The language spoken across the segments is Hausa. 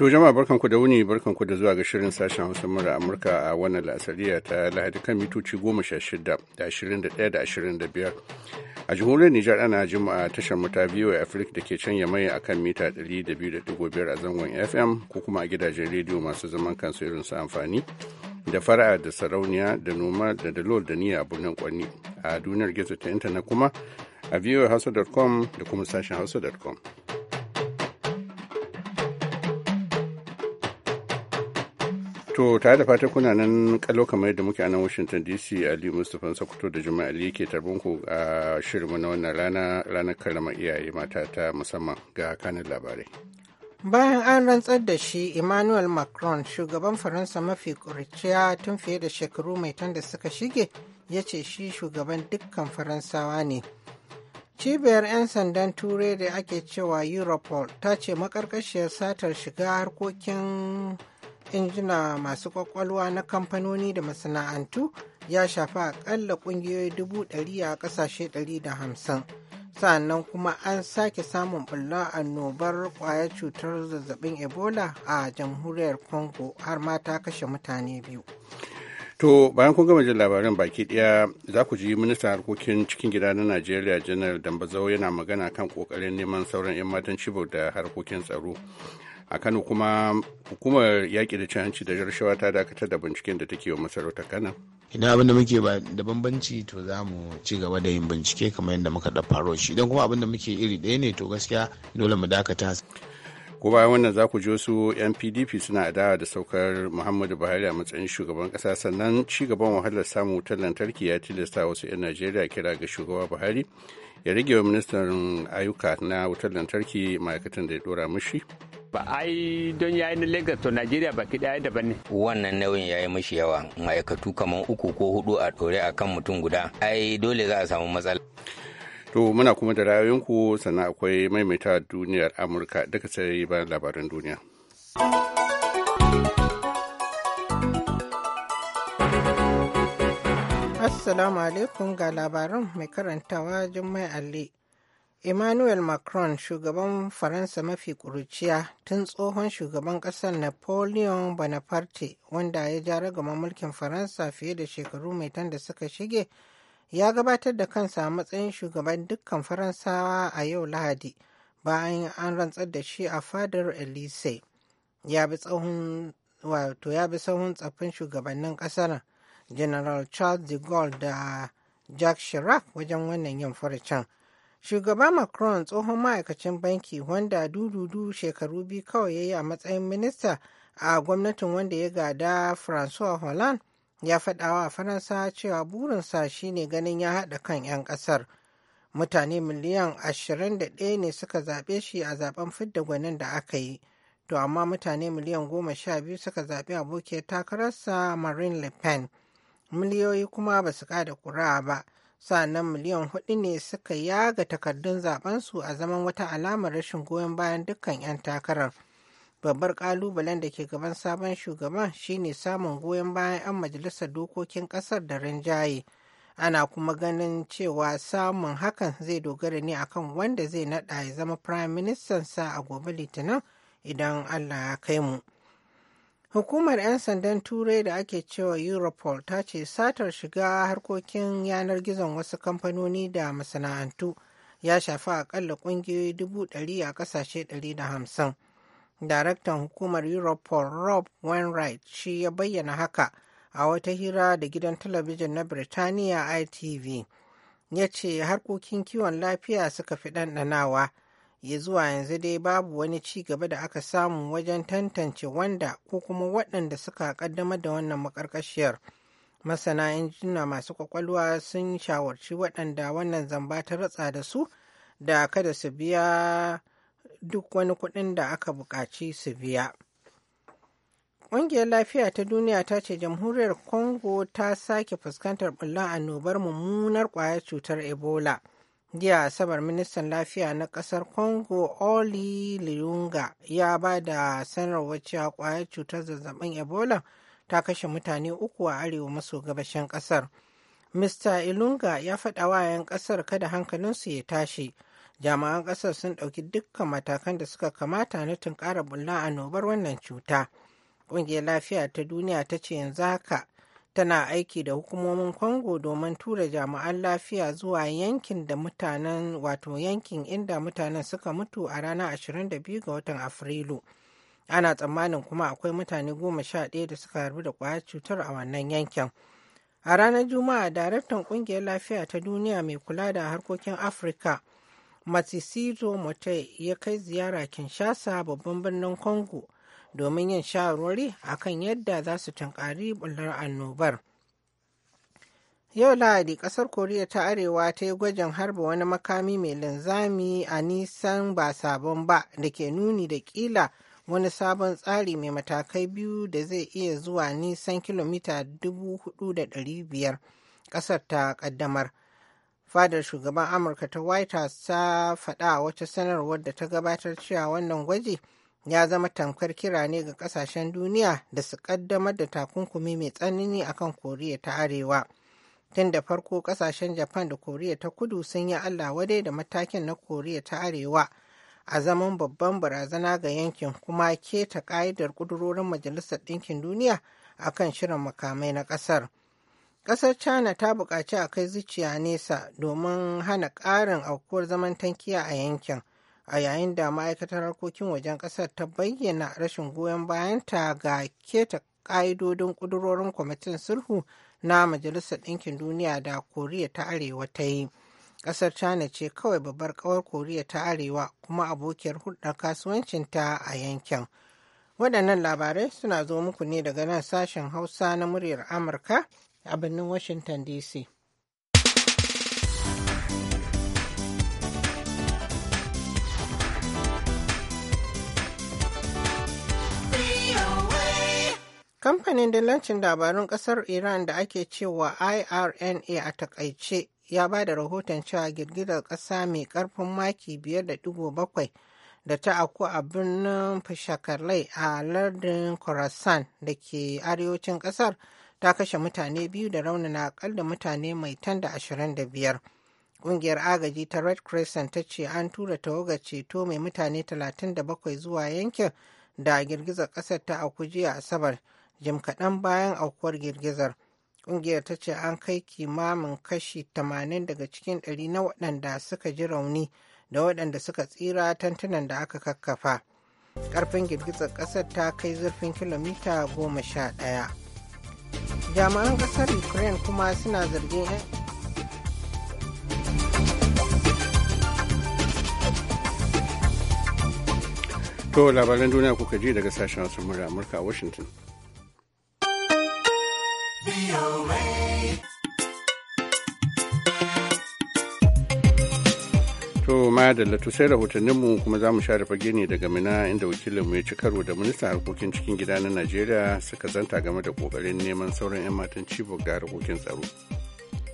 To jama'a barkanku da wuni barkanku da zuwa ga shirin sashen Hausa mura Amurka a wannan la'asariya ta Lahadi kan mitoci goma sha shida da ashirin da ɗaya da ashirin da biyar. A jihohin Nijar ana juma'a tashar mata a Afirka da ke can mai a kan mita ɗari da biyu da dubu biyar a zangon FM ko kuma a gidajen rediyo masu zaman kansu irin su amfani da fara'a da sarauniya da noma da dalol da niyya a birnin kwanni a duniyar gizo ta intanet kuma a voahausa.com da kuma sashen hausa.com. To tare da fatan kuna nan kallo kamar yadda muke a nan Washington DC Ali Mustapha sakoto da Juma'a Ali ke tarbin ku a shirinmu na wannan rana ranar karama iyaye mata ta musamman ga kanin labarai. Bayan an rantsar da shi Emmanuel Macron shugaban Faransa mafi kuriciya tun fiye da shekaru mai tan da suka shige ya ce shi shugaban dukkan Faransawa ne. Cibiyar 'yan sandan Turai da ake cewa Europol ta ce makarkashiyar satar shiga harkokin injina masu kwakwalwa na kamfanoni da masana'antu ya shafa akalla kungiyoyi dubu ɗari a ƙasashe ɗari da hamsin sannan kuma an sake samun bulla annobar kwaya cutar zazzabin ebola a jamhuriyar congo har ma ta kashe mutane biyu To bayan kun gama jin labarin baki ɗaya za ku ji ministan harkokin cikin gida na Najeriya janar Dambazau yana magana kan kokarin neman sauran 'yan matan cibo da harkokin tsaro. a kano kuma hukumar yaƙi da cin hanci da jarshawa ta dakatar da binciken da take wa masarautar kano idan abin da muke da bambanci to za mu ci gaba da yin bincike kamar yadda muka da faro shi idan kuma abin da muke iri ɗaya ne to gaskiya dole mu dakata ko bayan wannan za ku ji wasu yan pdp suna adawa da saukar muhammadu buhari a matsayin shugaban kasa sannan ci gaban wahalar samun wutar lantarki ya tilasta wasu 'yan najeriya kira ga shugaba buhari ya rage wa ministan ayyuka na wutar lantarki ma'aikatan da ya dora mushi ba ai don yayi na Lagos to Najeriya baki daya da ne wannan nauyin yayi mishi yawa ma'aikatu kamar uku ko hudu a dore akan mutum guda ai dole za a samu matsala to muna kuma da ku sannan akwai maimaita duniyar Amurka duka sai bayan labaran duniya Assalamu alaikum ga labaran mai karantawa Jummai Ali. Emmanuel Macron shugaban Faransa mafi ƙuruciya tun tsohon shugaban ƙasar Napoleon Bonaparte wanda ya ja ragaman mulkin Faransa fiye da shekaru mai tan da suka shige ya gabatar da kansa a matsayin shugaban dukkan Faransawa a yau Lahadi bayan an rantsar da shi a fadar Elise. Ya bi tsohon wato ya bi tsaffin shugabannin ƙasar General Charles de Gaulle da Jacques Chirac wajen wannan yin furucin. Shugaba Macron tsohon ma'aikacin banki wanda dududu shekaru biyu kawai ya yi a matsayin minista a gwamnatin wanda ya gada Francois Hollande ya faɗawa a Faransa cewa burinsa shine ganin ya haɗa kan 'yan ƙasar. Mutane miliyan 21 ne suka zaɓe shi a zaben fidda gwanin da aka yi. To amma mutane miliyan 12 suka zaɓi abokiyar takararsa Marine Le Pen. Miliyoyi kuma ba su ƙada ƙuri'a ba. Sannan miliyan hudu ne suka yaga takardun zabensu a zaman wata alamar rashin goyon bayan dukkan 'yan takarar babbar kalubalen da ke gaban sabon shugaban shine samun goyon bayan 'yan majalisar dokokin kasar da rinjaye ana kuma ganin cewa samun hakan zai dogara ne akan wanda zai nada ya zama prime minister sa a gobe litinin idan allah ya kai mu. Hukumar 'yan sandan Turai da ake cewa Europol ta ce satar shiga harkokin yanar gizon wasu kamfanoni da masana'antu ya shafi akalla kungiyoyi dubu ɗari a ƙasashe ɗari da hamsin. Daraktan hukumar Europol Rob Wainwright shi ya bayyana haka a wata hira da gidan talabijin na Birtaniya ITV. Ya ce harkokin kiwon lafiya suka fi ɗanɗanawa ya zuwa yanzu dai babu wani ci gaba da aka samu wajen tantance wanda ko kuma waɗanda suka kaddamar da wannan makarkashiyar masana injina masu kwakwalwa sun shawarci waɗanda wannan zamba ta ratsa da su da kada su biya duk wani kuɗin da aka buƙaci su biya ƙungiyar lafiya ta duniya ta ce jamhuriyar congo ta sake fuskantar ɓullan annobar mummunar ƙwayar cutar ebola jiya asabar ministan lafiya na kasar congo oli liyunga ya ba da sanarwar cewa kwayar cutar zazzabin ebola ta kashe mutane uku a arewa maso gabashin ƙasar. Mista ilunga ya faɗa wa 'yan kasar kada hankalinsu ya tashi jami'an ƙasar sun ɗauki dukkan matakan da suka kamata na tunkarar bulla annobar wannan cuta ƙungiyar lafiya ta duniya ta ce yanzu haka tana aiki da hukumomin Congo domin tura jami'an lafiya zuwa yankin da mutanen wato yankin inda mutanen suka mutu a ranar 22 ga watan Afrilu. Ana tsammanin kuma akwai mutane goma sha ɗaya da suka harbu da ƙwayar cutar a wannan yankin. A ranar Juma'a, daraktan ƙungiyar lafiya ta duniya mai kula da harkokin Afirka, Matsisizo Mote ya kai ziyara Kinshasa babban birnin Kongo. domin yin shawarwari a kan yadda za su tunkari bullar annobar. Yau Lahadi kasar Koriya ta Arewa ta yi gwajin harba wani makami mai linzami a nisan ba sabon ba da ke nuni da kila wani sabon tsari mai matakai biyu da zai iya zuwa nisan kilomita 4,500 kasar ta kaddamar. Fadar shugaban Amurka ta White House ta faɗa wata sanarwar da ta gabatar cewa wannan gwaji. ya zama tamkar kira ne ga kasashen duniya da su kaddamar da takunkumi mai tsanani akan koriya ta arewa tun da farko kasashen japan da koriya ta kudu sun yi allah wadai da matakin na koriya ta arewa a zaman babban barazana ga yankin kuma keta ka'idar kudurorin majalisar ɗinkin duniya a kan shirin makamai na ƙasar ƙasar china ta buƙaci a kai zuciya nesa domin hana ƙarin aukuwar zaman tankiya a yankin a yayin da ma'aikatar harkokin wajen ƙasar ta bayyana rashin goyon bayanta ga keta ƙa'idodin ƙudurorin kwamitin sulhu na majalisar ɗinkin duniya da koriya ta arewa ta yi ƙasar china ce kawai babbar ƙawar koriya ta arewa kuma abokiyar hulɗar kasuwancinta a yankin waɗannan labarai suna zo muku ne daga nan sashen hausa na muryar amurka a birnin washington dc Kamfanin dillancin labarun ƙasar Iran da ake cewa IRNA a takaice ya ba da rahoton cewa girgizar ƙasa mai ƙarfin maki 5.7 da ta aku a birnin fashakalai a lardin Khorasan da ke arewacin ƙasar ta kashe mutane biyu da raunana akalla mutane mai tan da 25. Ƙungiyar agaji ta Red Crescent ta ce an tura tawaga ceto mai mutane 37 zuwa yankin da girgizar ƙasar ta aku jiya Asabar. jim kaɗan bayan aukuwar girgizar ƙungiyar ta ce an kai kimamin kashi 80 daga cikin 100 na waɗanda suka ji rauni da waɗanda suka tsira tantunan da aka kakkafa ƙarfin girgizar ƙasar ta kai zurfin kilomita goma sha ɗaya jami'an ƙasar ukraine kuma suna zargin To labaran duniya kuka ji daga sashen wasu murya Amurka a Washington. To ma da latu sai rahotanninmu kuma za mu share fage ne daga mina inda wakilinmu ya ci karo da ministan harkokin cikin gida na Najeriya suka zanta game da kokarin neman sauran 'yan matan cibo ga harkokin tsaro.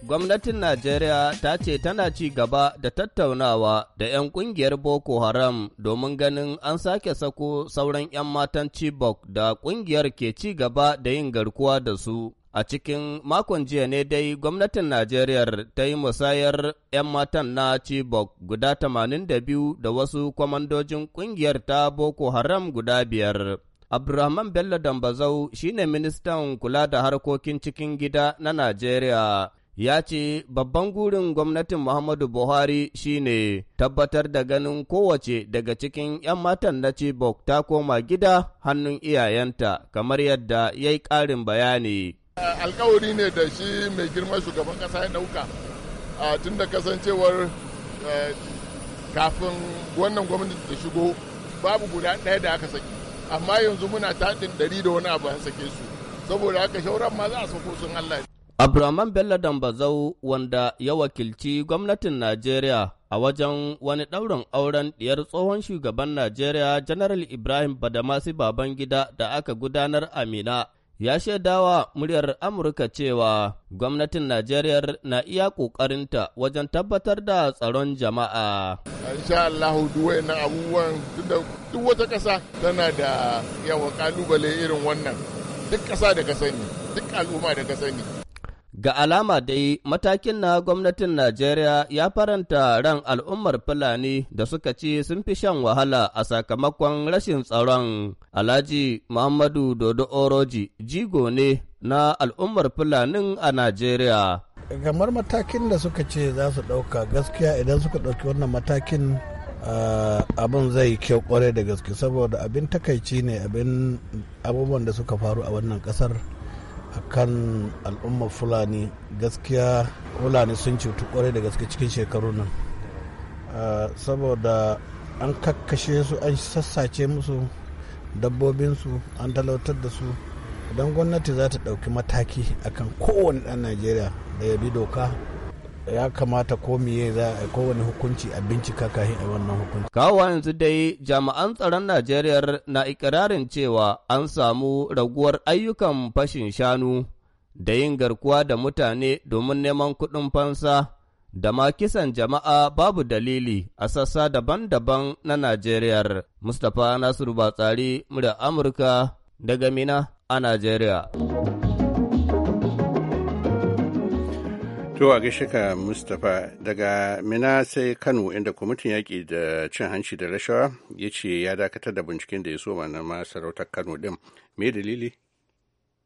Gwamnatin Najeriya ta ce tana ci gaba da tattaunawa da 'yan kungiyar Boko Haram domin ganin an sake sako sauran 'yan matan Chibok da kungiyar ke ci gaba da yin garkuwa da su. A cikin makon jiya ne dai gwamnatin Najeriya ta yi musayar 'yan matan na Chibok guda 82 da wasu kwamandojin ƙungiyar ta Boko Haram guda biyar. Abdurrahman Bello Dambazau ne ministan kula da harkokin cikin gida na Najeriya. ya ce babban gurin gwamnatin Muhammadu Buhari shi ne. tabbatar da ganin kowace daga cikin 'yan matan na Chibok ta koma gida hannun iyayenta kamar yadda ya yi ƙarin bayani. Eh, alkawari ne da shi mai girma shugaban kasa ya dauka ah, tun da kasancewar eh, kafin wannan gwamnati ta shigo babu guda ɗaya da aka saki amma yanzu muna taɗin ɗari da wani abu a sake su saboda haka shauran ma za a sako sun Allah. Abdurrahman Bello Dambazau wanda ya wakilci gwamnatin Najeriya a wajen wani ɗaurin auren ɗiyar tsohon shugaban Najeriya Janaral Ibrahim Badamasi Babangida da aka gudanar a Mina ya shaidawa muryar Amurka cewa gwamnatin Najeriya na iya ƙoƙarinta wajen tabbatar da tsaron jama'a. Insha Allah duwai na abubuwan duk wata ƙasa tana da yawa ƙalubale irin wannan duk ƙasa da ka sani duk al'umma da ka sani Ga alama dai matakin na gwamnatin Najeriya ya faranta ran al'ummar Fulani da suka ce sun fi shan wahala a sakamakon rashin tsaron Alhaji Muhammadu Dodo Oroji jigo ne na al'ummar Fulanin a Najeriya. Gamar matakin da suka ce za su ɗauka gaskiya idan suka ɗauki wannan matakin ah, abin zai kyau kwarai da gaske saboda abin takaici ne abin abubuwan da suka faru a wannan ƙasar. akan al'ummar fulani gaskiya fulani sun cutu kwarai da gaske cikin shekaru nan ah, saboda an kakkashe su an sassace musu dabbobinsu an talautar da su idan gwamnati za ta ɗauki mataki akan kowane ɗan najeriya da ya bi doka ya kamata ko miye za a yi kowane hukunci a bincika kafin a wannan hukunci. Kawo yanzu dai jami'an tsaron Najeriya na ikirarin cewa an samu raguwar ayyukan fashin shanu da yin garkuwa da mutane domin neman kuɗin fansa da ma kisan jama'a babu dalili a sassa daban-daban na Najeriya. Mustapha Nasiru Batsari, murya Amurka daga Mina a Najeriya. To a shika Mustapha daga Mina sai Kano inda kwamitin yaƙi da cin hanci da rashawa ya ce ya dakatar da binciken da ya so na masarautar Kano ɗin. Me dalili?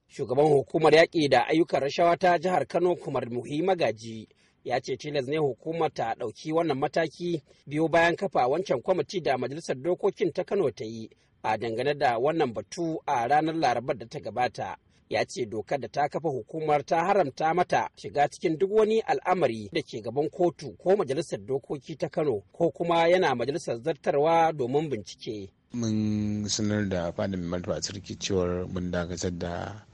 Shugaban hukumar yaƙi da ayyukan rashawa ta jihar Kano Kumar Muhi Magaji ya ce tilas ne hukumar ta ɗauki wannan mataki biyu bayan kafa wancan kwamiti da majalisar dokokin ta Kano ta yi a dangane da wannan batu a ranar larabar da ta gabata. ya ce dokar da ta kafa hukumar ta haramta mata shiga cikin duk wani al'amari da ke gaban kotu ko majalisar dokoki ta kano ko kuma yana majalisar zartarwa domin bincike mun sanar da fadin mai martaba sarki cewar mun dakatar da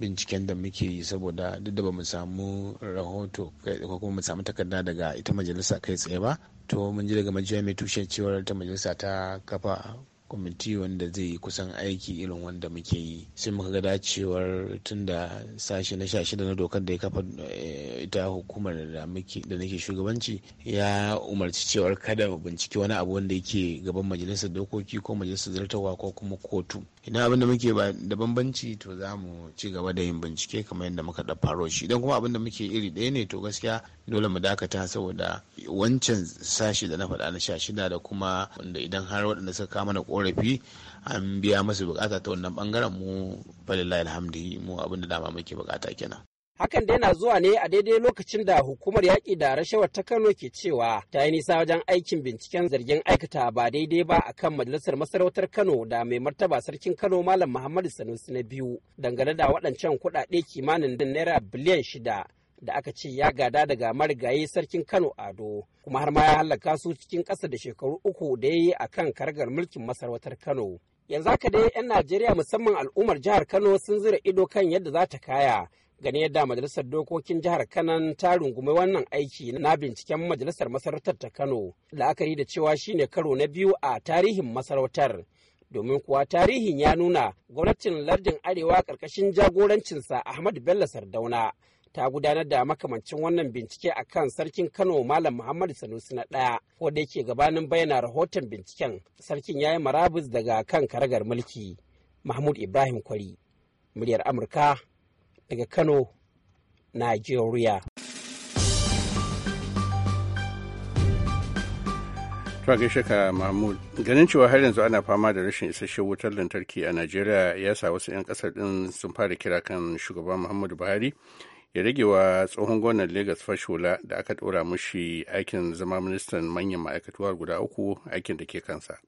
binciken da muke yi saboda duk da ba mu samu rahoto ko kuma mu samu takarda daga ita majalisa kai tsaye ba to mun ji daga majiya mai tushe cewar ta majalisa ta kafa kwamiti wanda zai yi kusan aiki irin wanda muke yi sai muka ga dacewar tun da sashe na shida na dokar da ya kafa eh, ita hukumar da nake shugabanci ya umarci cewar kada mu binciki wani abu wanda yake gaban majalisar dokoki ko majalisar zartawa ko kuma kotu idan abin da muke da bambanci to za mu ci gaba da yin bincike kamar yadda muka da faro shi idan kuma abin da muke iri ɗaya ne to gaskiya dole mu dakata saboda wancan sashi da na faɗa na sha shida da kuma wanda idan har waɗanda suka kama na korafi an biya masu bukata ta wannan bangaren mu falila alhamdi mu abin da dama muke bukata kenan Hakan dai na zuwa ne a daidai lokacin da hukumar yaƙi da rashawar ta Kano ke cewa ta yi nisa wajen aikin binciken zargin aikata ba daidai ba a kan majalisar masarautar Kano da mai martaba sarkin Kano Malam Muhammadu Sanusi na biyu dangane da waɗancan kuɗaɗe kimanin naira biliyan shida da aka ce ya gada daga marigayi sarkin Kano Ado kuma har ma ya halaka su cikin ƙasa da shekaru uku da ya yi a kan karagar mulkin masarautar Kano. Yanzu haka dai 'yan Najeriya musamman al'ummar jihar Kano sun zira ido kan yadda za ta kaya Gani yadda majalisar dokokin jihar kanan ta rungumi wannan aiki na binciken majalisar masarautar ta kano la'akari da cewa shine karo na biyu a tarihin masarautar domin kuwa tarihin ya nuna gwamnatin lardin arewa ƙarƙashin jagorancinsa ahmad bello sardauna ta gudanar da makamancin wannan bincike a kan sarkin kano malam muhammadu sanusi na ɗaya da yake gabanin bayyana rahoton binciken sarkin ya yi marabus daga kan karagar mulki mahmud ibrahim kwari muryar amurka daga kano nigeria tuwa gaishe ka mahmud ganin cewa har yanzu ana fama da rashin isasshen wutar lantarki a najeriya ya sa wasu 'yan kasar din sun fara kira kan shugaban muhammadu buhari ya rage wa tsohon gwamnan Legas Fashola da aka ɗora mushi aikin zama ministan manyan ma'aikatuwar guda uku aikin da ke kansa.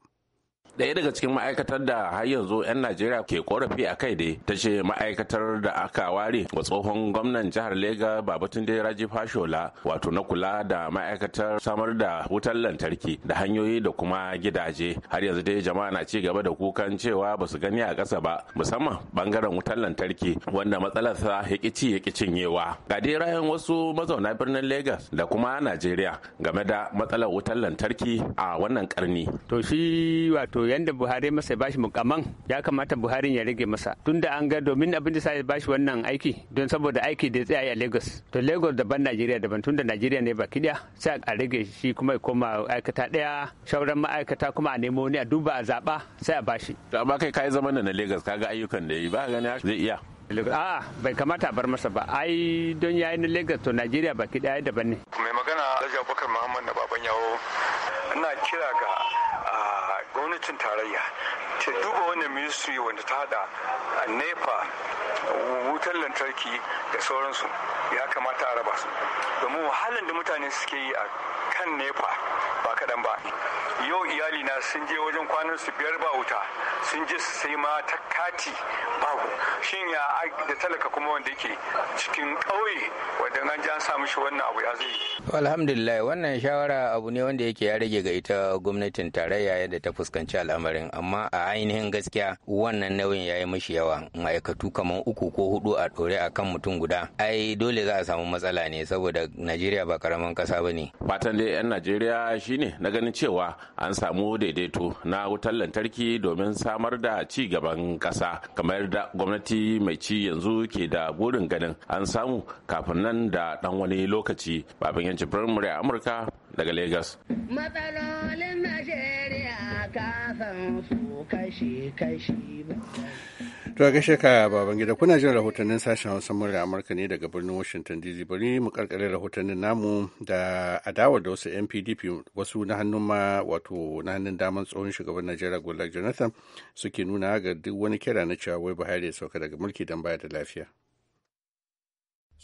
Daya daga cikin ma'aikatar da har yanzu 'yan Najeriya ke korafi a kai dai ta ce ma'aikatar da aka ware wa tsohon gwamnan jihar Lega Babatunde Raji Fashola wato na kula da ma'aikatar samar da wutar lantarki da hanyoyi da kuma gidaje har yanzu dai jama'a na ci gaba da kukan cewa ba su gani a ƙasa ba musamman bangaren wutar lantarki wanda matsalarsa ya ƙici ya cinyewa. Ga dai rayan wasu mazauna birnin Legas da kuma Najeriya game da matsalar wutar lantarki a wannan karni. To shi wato to yanda buhari masa ya bashi mukaman ya kamata buhari ya rage masa tunda an ga domin abin da sai bashi wannan aiki don saboda aiki da tsaya a lagos to lagos daban najeriya daban tunda najeriya ne baki daya sai a rage shi kuma ya koma aikata daya shauran ma'aikata kuma a nemo ne a duba a zaba sai a bashi to amma kai kai zaman na lagos kaga ayyukan da yi ba gani zai iya a'a ah, bai kamata a bar masa ba ai don yayi na lagos to najeriya baki daya da ne mai magana alhaji abubakar muhammad na baban yawo ina kira ga gwamnatin tarayya ta duba wannan ministry wanda ta hada nepa wutar lantarki da sauransu ya kamata a raba su domin wahalar da mutane suke yi a kan nefa ba kaɗan ba yau iyalina sun je wajen kwanan su biyar ba wuta sun je su sai ma ta kati babu shin ya da talaka kuma wanda yake cikin ƙauye wanda an ji an samu shi wannan abu ya zai alhamdulillah wannan shawara abu ne wanda yake ya rage ga ita gwamnatin tarayya yadda ta fuskanci al'amarin amma a ainihin gaskiya wannan nauyin ya yi mashi yawa ma'aikatu kamar uku ko hudu a ɗore a kan mutum guda ai dole za a samu matsala ne saboda najeriya ba karaman ƙasa ba ne fatan dai 'yan najeriya shine na ganin cewa an samu daidaito na wutar lantarki domin samar da ci gaban ƙasa kamar da gwamnati mai ci yanzu ke da burin ganin an samu kafin nan da ɗan wani lokaci babin yancin firamare a amurka daga lagos matsalolin najeriya kasan su kashi-kashi To a gaishe ka baban gida kuna jin rahotannin sashen Hausa murya Amurka ne daga birnin Washington DC bari mu karkare rahotannin namu da adawar da wasu NPDP wasu na hannun ma wato na hannun daman tsohon shugaban Najeriya Goodluck Jonathan suke nuna ga duk wani kira na cewa wai Buhari ya sauka daga mulki don baya da lafiya.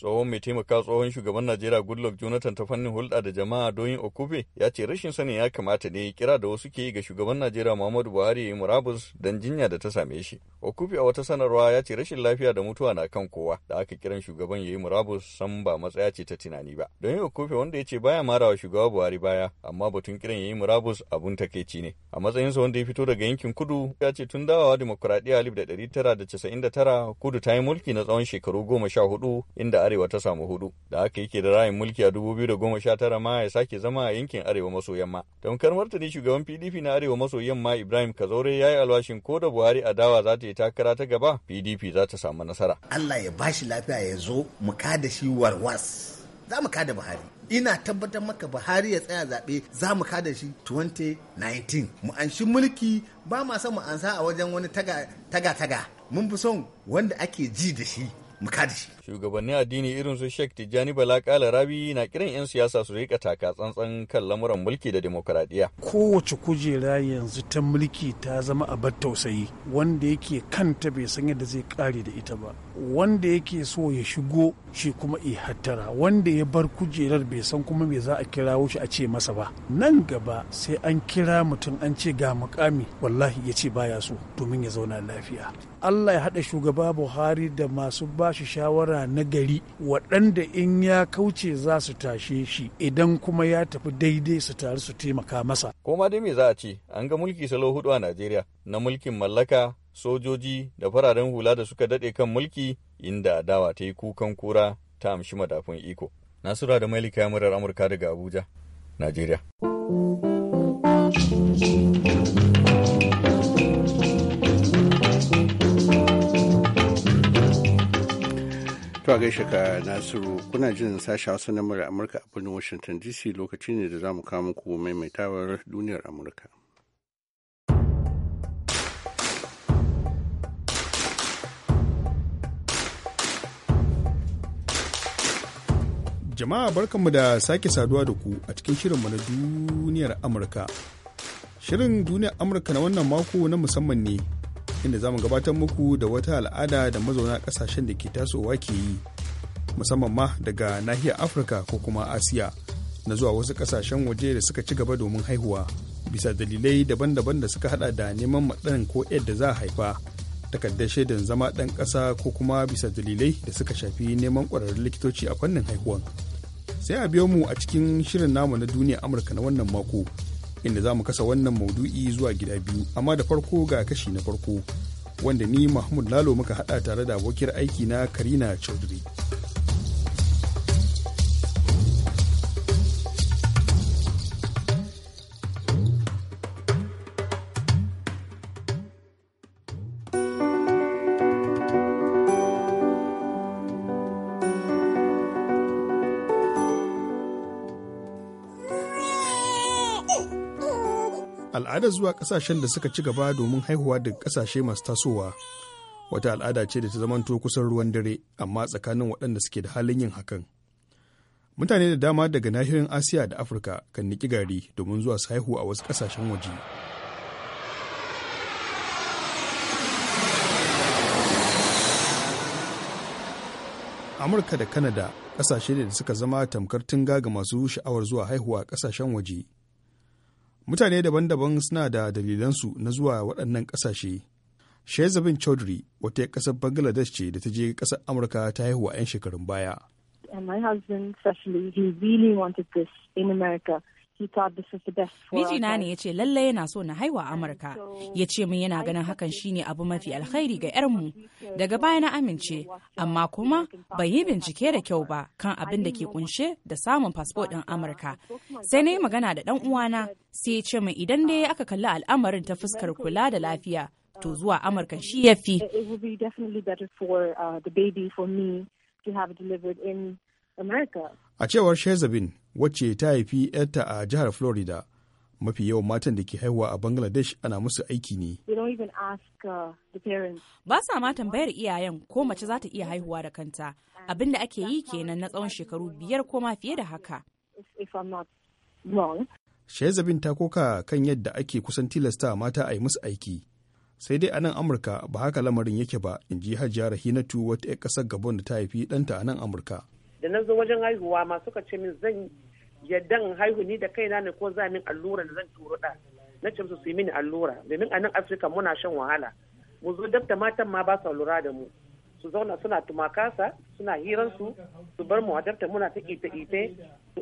tsohon mai taimaka tsohon shugaban najeriya goodluck jonathan ta fannin hulɗa da jama'a doyin okupe ya ce rashin sanin ya kamata ne kira da wasu ke yi ga shugaban najeriya muhammadu buhari ya yi murabus don jinya da ta same shi okube a wata sanarwa ya ce rashin lafiya da mutuwa na kan kowa da aka kiran shugaban ya yi murabus san ba matsaya ce ta tunani ba Don doyin okupe wanda ya ce baya marawa shugaba buhari baya amma batun kiran ya yi murabus abun takaici ne a matsayinsa wanda ya fito daga yankin kudu ya ce tun dawowa demokuraɗiyya alif da ɗari tara da casa'in da tara kudu ta yi mulki na tsawon shekaru goma sha hudu inda arewa ta samu hudu da aka yake da rayin mulki a da sha tara ma ya sake zama a yankin arewa maso yamma tamkar kar martani shugaban pdp na arewa maso yamma ibrahim kazaure ya yi alwashin ko da buhari dawa za ta yi takara ta gaba pdp za ta samu nasara allah ya bashi lafiya ya zo mu kada shi warwas za mu kada buhari ina tabbatar maka buhari ya tsaya zaɓe za mu kada shi 2019 mu anshi mulki ba ma son mu ansa a wajen wani taga taga mun fi son wanda ake ji da shi mu kada shi Shugabannin addini irin su Sheikh Tijjani Bala Kala Rabi na kiran 'yan siyasa su rika taka tsantsan kan lamuran mulki da demokaradiyya. Kowace kujera yanzu ta mulki ta zama abar tausayi wanda yake kanta bai san yadda zai kare da ita ba. Wanda yake so ya shigo shi kuma hattara wanda ya bar kujerar bai san kuma me za a kirawo shi a ce masa ba. Nan gaba sai an kira mutum an ce ga mukami wallahi ya ce baya so domin ya zauna lafiya. Allah ya haɗa shugaba Buhari da masu bashi shawara jagora na gari waɗanda in ya kauce za su tashe shi idan kuma ya tafi daidai su taru su taimaka masa. Koma dai me za a ce an ga mulki salo hudu a Najeriya na mulkin mallaka sojoji da fararen hula da suka daɗe kan mulki inda dawa ta yi kukan kura ta amshi madafin iko. Nasura da Malika murar Amurka daga Abuja, Najeriya. To gaishe ka Nasiru kuna jin sashen Hausa na murya Amurka a birnin Washington DC lokaci ne da za mu kawo muku maimaitawar duniyar Amurka. Jama'a barkanmu da sake saduwa da ku a cikin shirinmu na duniyar Amurka. Shirin duniyar Amurka na wannan mako na musamman ne inda za mu gabatar muku da wata al'ada da mazauna ƙasashen da ke tasowa ke yi musamman ma daga nahiyar afirka ko kuma asiya na zuwa wasu ƙasashen waje da suka ci gaba domin haihuwa bisa dalilai daban-daban da suka hada da neman matsalin ko yadda za a haifa takardar shaidan zama ɗan ƙasa ko kuma bisa dalilai da suka shafi neman ƙwararrun likitoci a fannin haihuwan sai a biyo mu a cikin shirin namu na duniya amurka na wannan mako inda za mu kasa wannan maudu'i zuwa gida biyu amma da farko ga kashi na farko wanda ni mahmud lalo muka hada tare da abokiyar aiki na karina chaudhry al'ada zuwa kasashen da suka ci gaba domin haihuwa daga kasashe masu tasowa wata al'ada ce da ta zamanto kusan ruwan dare amma tsakanin waɗanda suke da halin yin hakan mutane da dama daga nahiyoyin asiya da afirka kan niki gari domin zuwa su haihu a wasu ƙasashen waje amurka da kanada ƙasashe ne da suka zama tamkar tunga ga masu sha'awar zuwa haihuwa a ƙasashen waje mutane daban-daban suna da dalilansu na zuwa waɗannan ƙasashe shezabin chaudhry wata ƙasar bangladesh ce da ta je ƙasar amurka ta haihuwa 'yan shekarun baya And my husband, especially, he really wanted this in America. Mijina ne ya ce lallai yana so na haihuwa Amurka. Ya ce min yana ganin hakan shine abu mafi alkhairi ga 'yarmu. Daga baya na amince, amma kuma ban yi bincike da kyau ba kan abin da ke kunshe da samun fasfo ɗin Amurka. Sai na yi magana da ɗan uwana sai ya ce min idan dai um, aka kalli al'amarin ta fuskar kula da lafiya. To um, zuwa Amurka shi ya fi. A cewar Shezabin, wacce ta haifi 'yarta a jihar florida mafi yawan matan da ke haihuwa a bangladesh ana musu aiki ne uh, ba sa ma tambayar iyayen ko mace za ta iya haihuwa da kanta abinda ake yi kenan na tsawon shekaru biyar ko ma fiye da haka shezabin ta koka kan yadda ake kusan tilasta mata a yi musu aiki sai dai a nan amurka ba haka lamarin yake ba in ji hajiya rahinatu wata 'yar ƙasar gabon da ta haifi ɗanta a nan amurka da na zo wajen haihuwa ma suka ce min zan in haihu ni da kaina ne ko za min allura da zan turo da na ce su yi mini allura domin a nan afirka muna shan wahala mu zo dabta matan ma ba su lura da mu su zauna suna tumakasa suna hiransu su bar mu a dabta muna ta ita-ita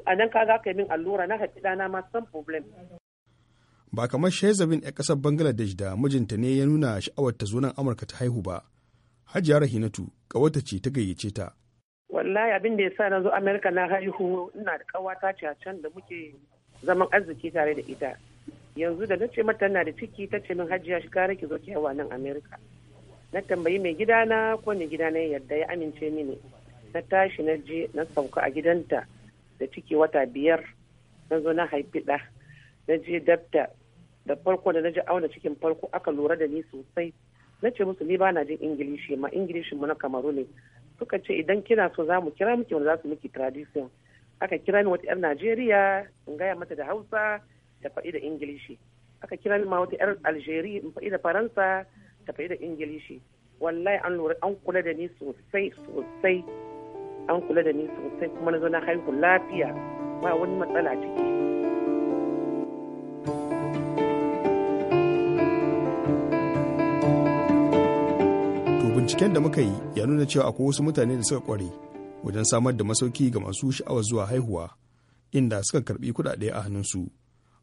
a nan kaga kai min allura na haɗi ɗana ma san problem ba kamar shezabin a ƙasar bangladesh da mijinta ne ya nuna sha'awar ta zo nan amurka ta haihu ba hajiya rahinatu ƙawata ce ta gayyace ta wallahi abin da ya sa na zo amerika na haihu ina da kawata ce a can da muke zaman arziki tare da ita yanzu da na ce mata na da ciki ta ce min hajjiya shi kare ki zo ki yawa nan amerika na tambayi mai gidana ko mai gidana ya yarda ya amince mini na tashi na je na sauka a gidanta da ciki wata biyar na zo na haifi ɗa na je dabta da farko da na ji auna cikin farko aka lura da ni sosai na ce musu ni ba na jin ingilishi ma ingilishin mu na kamaru ne suka ce idan kina so za mu kira miki wanda za su miki tradition aka kira ni wata 'yar najeriya in gaya mata da hausa ta faɗi da ingilishi aka kira ni ma wata 'yar algeria in faɗi da faransa ta faɗi da ingilishi wallahi an lura an kula da ni sosai sosai an kula da ni sosai kuma na zo na haihu lafiya ba wani matsala ciki binciken da muka yi ya nuna cewa akwai wasu mutane da suka kware wajen samar da masauki ga masu sha'awar zuwa haihuwa inda suka karbi kudade a hannunsu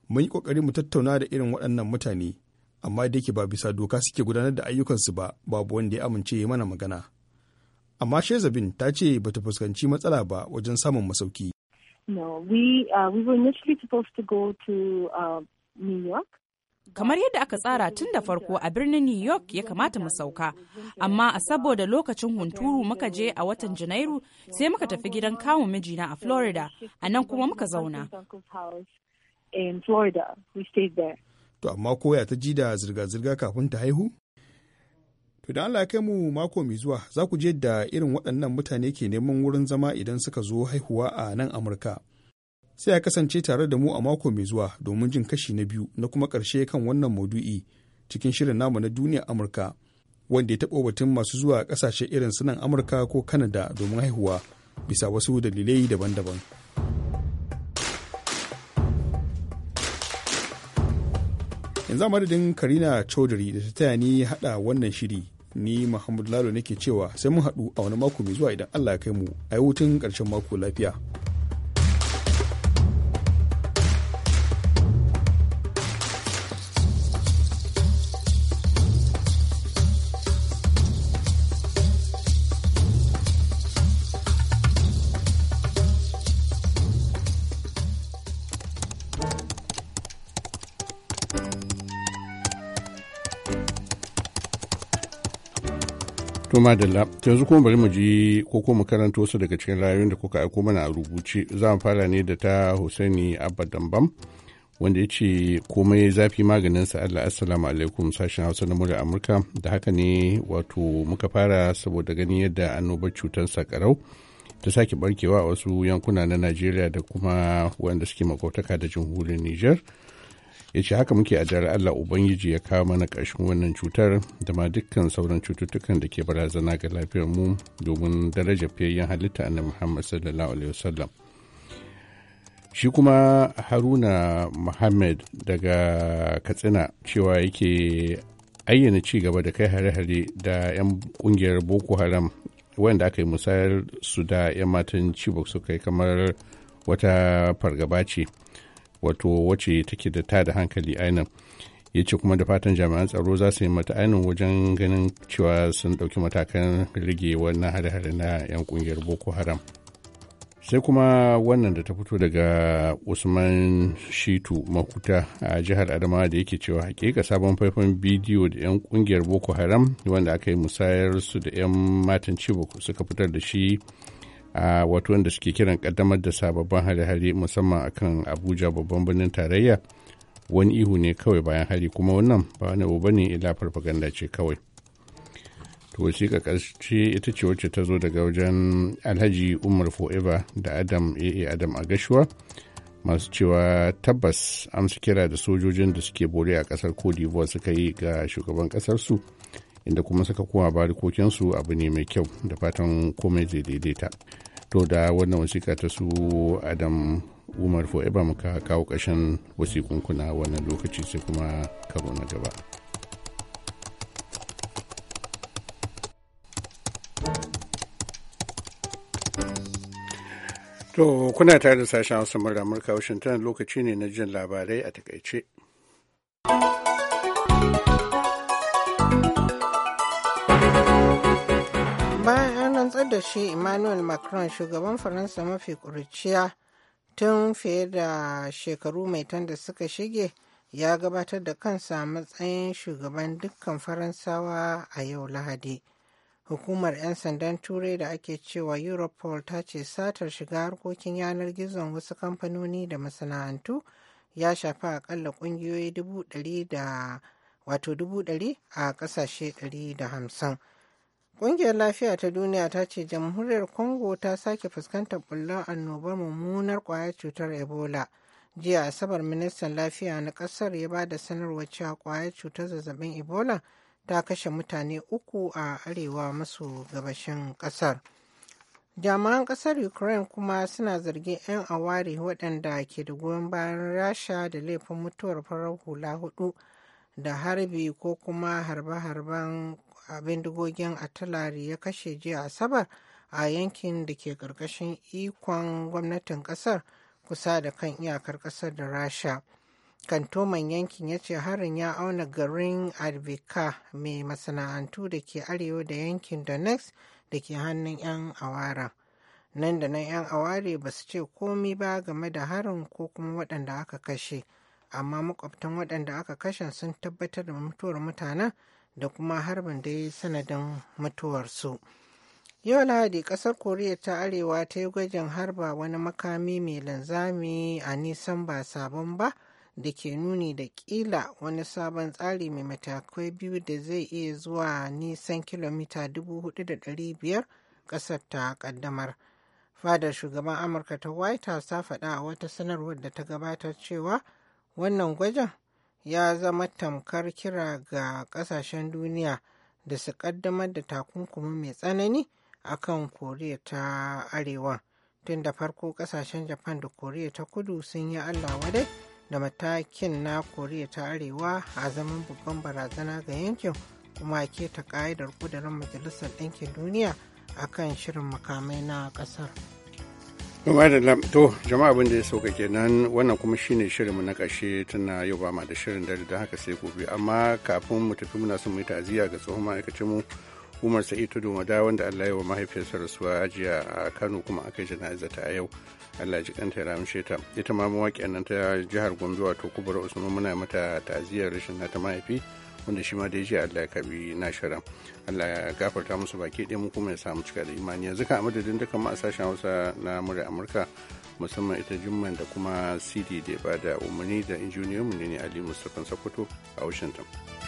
mun yi kokari mu tattauna da irin waɗannan mutane amma da yake ba bisa doka suke gudanar da ayyukansu ba babu wanda ya amince mana magana amma shezabin ta ce bata fuskanci matsala ba wajen samun masauki No, we uh, we were initially supposed to go to uh, New York. kamar yadda aka tsara tun da farko a birnin new york ya kamata mu sauka amma a saboda lokacin hunturu muka je a watan janairu sai muka tafi gidan kawun mijina a florida a nan kuma muka zauna to amma koya ta ji da zirga-zirga kafin ta haihu to da allah kai mu mako mai zuwa za ku je da irin waɗannan mutane ke neman wurin zama idan suka zo haihuwa a nan amurka sai a kasance tare da mu a mako mai zuwa domin jin kashi na biyu na kuma ƙarshe kan wannan maudu'i cikin shirin namu na duniya amurka wanda ya taɓo batun masu zuwa ƙasashe irin su nan amurka ko kanada domin haihuwa bisa wasu dalilai daban-daban yanzu madadin karina chaudhary da ta taya ni haɗa wannan shiri ni muhammadu lalo nake cewa sai mun haɗu a wani mako mai zuwa idan allah ya kai mu a yi hutun ƙarshen mako lafiya To madalla, yanzu kuma bari mu ji ko kuma karanto wasu daga cikin rayuwar da kuka aiko mana a rubuce. Za mu fara ne da ta Husaini Abba Dambam wanda ya ce komai zafi maganin sa Allah assalamu alaikum sashen Hausa na murar Amurka da haka ne wato muka fara saboda ganin yadda annobar cutar sakarau ta sake barkewa a wasu yankuna na Najeriya da kuma wanda suke makautaka da jamhuriyar Nijar. ya ce haka muke a ajiyar allah ubangiji ya kawo mana ƙarshen wannan cutar da ma dukkan sauran cututtukan da ke barazana ga lafiyar mu domin darajar fiyayyen halitta a muhammad sallallahu alaihi wasallam shi kuma haruna muhammad daga katsina cewa yake ayyana ci gaba da kai hare-hare da 'yan kungiyar boko haram wanda aka yi musayar su da 'yan matan chibok suka kai kamar wata fargaba ce wato wacce take da tada hankali ainihin ya ce kuma da fatan jami'an tsaro za su yi mata ainihin wajen ganin cewa sun ɗauki matakan rage wannan hare-hare na 'yan ƙungiyar boko haram sai kuma wannan da ta fito daga usman shitu makuta a jihar adamawa da yake cewa hakika sabon faifan bidiyo da 'yan kungiyar boko haram wanda aka yi musayar su da 'yan matan chibok suka fitar da shi a wato wanda suke kiran kaddamar da sababbin hare-hare musamman a kan abuja babban birnin tarayya wani ihu ne kawai bayan hari kuma wannan ba wani uba ne ila farfaganda ce kawai to wasiƙa ƙarshe ita ce wacce ta zo daga wajen alhaji umar foeva da adam aa adam a gashuwa masu cewa tabbas amsa kira da sojojin da suke bore a ƙasar cote d'ivoire suka yi ga shugaban ƙasar su inda kuma suka koma barikokinsu abu ne mai kyau da fatan komai zai daidaita to da wannan wasiƙa ta su adam umar forever muka kawo ƙashin wasiƙunkuna wannan lokaci sai kuma karo na gaba to kuna tare da sashen hausa da amurka washington lokaci ne na jin labarai a takaice rantsar da shi Emmanuel Macron shugaban Faransa mafi ƙuruciya tun fiye da shekaru mai da suka shige ya gabatar da kansa matsayin shugaban dukkan Faransawa a yau Lahadi. Hukumar 'yan sandan Turai da ake cewa Europol ta ce satar shiga harkokin yanar gizon wasu kamfanoni da masana'antu ya shafi akalla ƙungiyoyi 100 wato a ƙasashe 150. Ƙungiyar Lafiya ta Duniya ta ce Jamhuriyar Congo ta sake fuskantar bullar annobar mummunar ƙwayar cutar Ebola. Jiya Asabar Ministan Lafiya na ƙasar ya ba da sanarwar cewa ƙwayar cutar zazzabin Ebola ta kashe mutane uku a arewa maso gabashin ƙasar. Jami'an ƙasar Ukraine kuma suna zargin 'yan aware waɗanda ke da goyon bayan Rasha da laifin mutuwar farar hula hudu da harbi ko kuma harbe-harben a bindigogin Atalari ya kashe jiya asabar a yankin da ke ƙarƙashin ikon gwamnatin ƙasar kusa da kan iyakar ƙasar da rasha kantoman yankin ya ce harin ya auna garin advika mai masana'antu da ke arewa da yankin Next da ke hannun 'yan awara nan da nan 'yan aware ba su ce komi ba game da harin ko kuma waɗanda aka kashe amma makwabtan waɗanda aka kashe sun tabbatar da mutuwar mutanen da kuma harbin da ya sanadin mutuwarsu. Yau Lahadi ƙasar Koriya ta Arewa ta yi gwajin harba wani makami mai linzami a nisan ba sabon ba da ke nuni da ƙila wani sabon tsari mai matakai biyu da zai iya zuwa nisan kilomita 4,500 kasar ta kaddamar. Fadar shugaban Amurka ta White House ta faɗa a wata sanarwar da ta gabatar cewa wannan gwajin ya zama tamkar kira ga kasashen duniya da su kaddamar da takunkumi mai tsanani a kan koriya ta arewa tun da farko kasashen japan da koriya ta kudu sun yi allah wadai da matakin na koriya ta arewa a zaman babban barazana ga yankin kuma ke ta ka'idar kudurin majalisar ɗinkin duniya a kan shirin makamai na ƙasar. kuma da to jama'a abin da ya sauka kenan wannan kuma shine shirinmu na ƙarshe tana yau ba ma da shirin dare don haka sai gobe amma kafin mu tafi muna son mu yi ta'aziyya ga tsohon ma'aikacin mu Umar Sa'id Tudu Mada wanda Allah ya wa mahaifiyarsa rasuwa ajiya a Kano kuma aka yi jana'iza ta yau Allah ji kanta ya ramshe ta ita ma mawaƙiyar nan ta jihar Gombe wato Kubura Usman muna mata ta'aziyyar rashin na ta mahaifi wanda shi ma da ya Allah ya kabi na shirin Allah ya gafarta musu baki ɗaya mu kuma ya samu cika da imani yanzu kan amadadin duka ma a sashen Hausa na murya Amurka musamman ita Jumman da kuma CD da ya bada umarni da mu ne Ali Mustapha Sokoto a Washington.